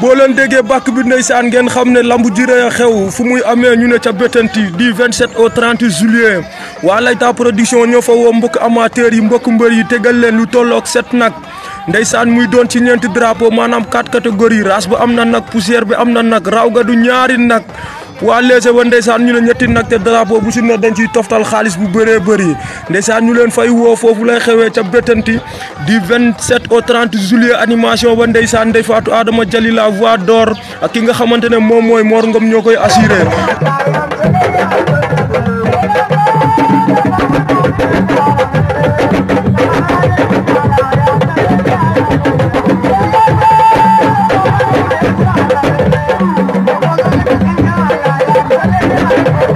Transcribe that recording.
boo leen déggee bàkk bi ndeysaan ngeen xam ne lamb ji a xew fu muy amee ñu ne ca Bettenty du 27 au 30 juillet waa Layta production ñoo fa woo mbokk amateur yi mbokk mbër yi tegal leen lu tolloog set nag ndeysaan muy doon ci ñeenti drapeau maanaam quatre catégories race ba am na nag poussière bi am na nag raaw ga du ñaari nag waa léegi ba ndeysaan ñu ne ñetti nag te drapeau bu si ne dañ ciy toftal xaalis bu bëree bëri ndeysaan ñu leen fay woo foofu lay xewee ca Bettenty du 27 au 30 juillet animation ba ndeysaan Ndeye faatu Adama Jali la voix d'or ak ki nga xamante ne moom mooy Mor Ngom ñoo koy assuré. Thank you.